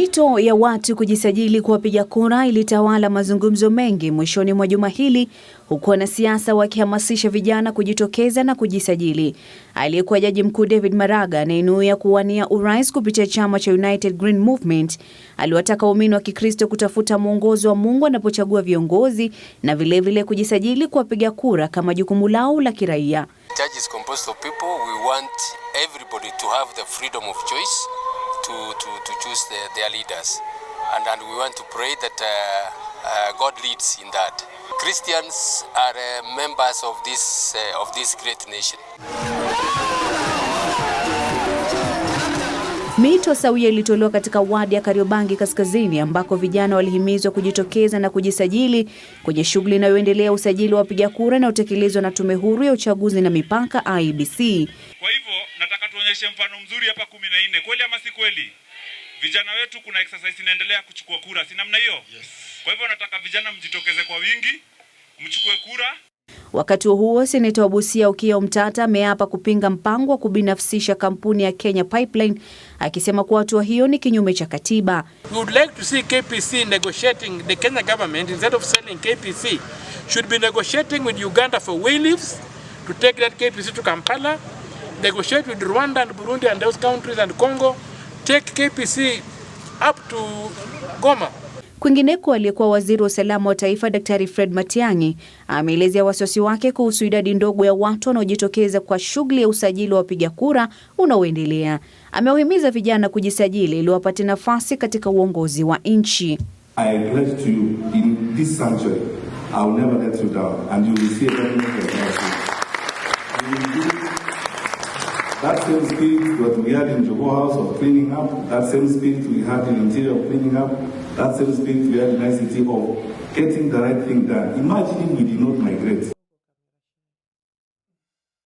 Mito ya watu kujisajili kwa wapiga kura ilitawala mazungumzo mengi mwishoni mwa juma hili, huku wanasiasa wakihamasisha vijana kujitokeza na kujisajili. Aliyekuwa jaji mkuu David Maraga anayenuia kuwania urais kupitia chama cha United Green Movement aliwataka waumini wa Kikristo kutafuta mwongozo wa Mungu wanapochagua viongozi na vilevile vile kujisajili kwa wapiga kura kama jukumu lao la kiraia to, to, to choose the, their leaders. And, and we want to pray that uh, uh, God leads in that. Christians are uh, members of this, uh, of this great nation. Mito sawia ilitolewa katika wadi ya Kariobangi Kaskazini ambako vijana walihimizwa kujitokeza na kujisajili kwenye shughuli inayoendelea usajili wa wapiga kura inayotekelezwa na Tume Huru ya Uchaguzi na Mipaka IEBC tuonyeshe mfano mzuri hapa kumi na nne. Kweli ama si kweli? Vijana wetu kuna exercise inaendelea kuchukua kura, si namna hiyo? Yes. Kwa hivyo nataka vijana mjitokeze kwa wingi, mchukue kura. Wakati huo seneta wa Busia Ukio Mtata ameapa kupinga mpango wa kubinafsisha kampuni ya Kenya Pipeline akisema kuwa hatua hiyo ni kinyume cha katiba. We would like to see KPC negotiating the Kenya government instead of selling KPC should be negotiating with Uganda for wheel lifts to take that KPC to Kampala negotiate with Rwanda and Burundi and those countries and Congo, take KPC up to Goma. Kwingineko, aliyekuwa waziri wa usalama wa taifa Daktari Fred Matiang'i ameelezea wasiwasi wake kuhusu idadi ndogo ya watu wanaojitokeza kwa shughuli ya usajili wa wapiga kura unaoendelea. Amewahimiza vijana kujisajili ili wapate nafasi katika uongozi wa nchi. I same spirit that we had in Jogo House of cleaning up, that same spirit we had in Interior of cleaning up, that same spirit we had in ICT of getting the right thing done. Imagine if we did not migrate.